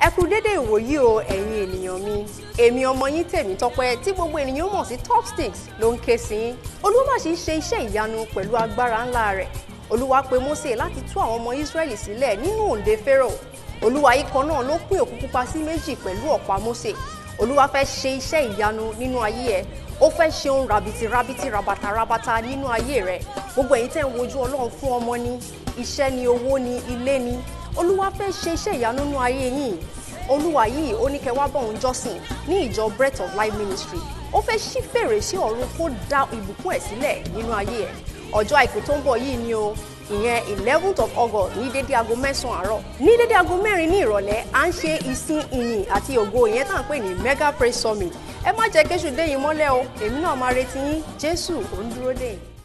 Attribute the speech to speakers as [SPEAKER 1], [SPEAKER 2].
[SPEAKER 1] ẹ kú dédé ìwòyí o ẹ̀yin ènìyàn mi èmi
[SPEAKER 2] ọmọ yín tèmi tọpẹ tí gbogbo ènìyàn mọ̀ sí Topsticks ló ń ké sí yín olúmọ̀ṣí ṣe iṣẹ́ ìyanu pẹ̀lú agbára ńlá rẹ̀ olúwa pe Mósè láti tú àwọn ọmọ Ísírẹ́lì sílẹ̀ nínú òǹdè Fáráò olúwa yìí kan náà ló pín òkú pupa sí méjì pẹ̀lú ọ̀pá Mósè olúwa fẹ́ ṣe iṣẹ́ ìyanu nínú ayé ẹ ó fẹ́ ṣe ohun ràbìtì ràbìtì ràbàtà ràbàtà nínú ayé rẹ gbogbo ẹ̀yin tẹ́ ń wojú ọlọ́run fún ọmọ ni iṣẹ́ ni owó ni ilé ni olúwa fẹ́ ṣe iṣẹ́ ìyanu nínú ayé yín olúwa yìí ó ní kẹ́ wá bọ̀ jọ́sìn ní ìjọ breath of life ministry ó fẹ́ ṣí fèrèsé ọ̀run kó da ìbùkún ẹ̀ sílẹ̀ nínú ayé ẹ̀ ọjọ́ àìkú tó ń bọ̀ yìí ni o ìyẹn eleventh of august ní dédé aago mẹ́sàn-án àárọ̀ ní dédé aago mẹ́rin ní ìrọ̀lẹ́ à ń ṣe ìsìn ìyìn àti ògo ìyẹn tá à ń pè ní mega praise summit ẹ má jẹ́ kéṣù dé yín mọ́lẹ̀ o èmi náà máa retí yín jésù ò ń dúró dé yín.